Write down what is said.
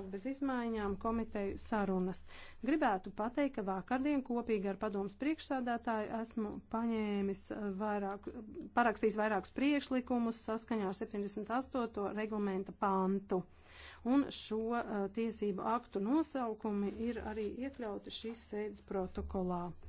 bez izmaiņām komiteju sarunas. Gribētu pateikt, ka vakardien kopīgi ar padomus priekšsādātāju esmu paņēmis vairāk, parakstījis vairākus priekšlikumus saskaņā ar 78. reglamenta pantu. Un šo uh, tiesību aktu nosaukumi ir arī iekļauti šīs sēdes protokolā.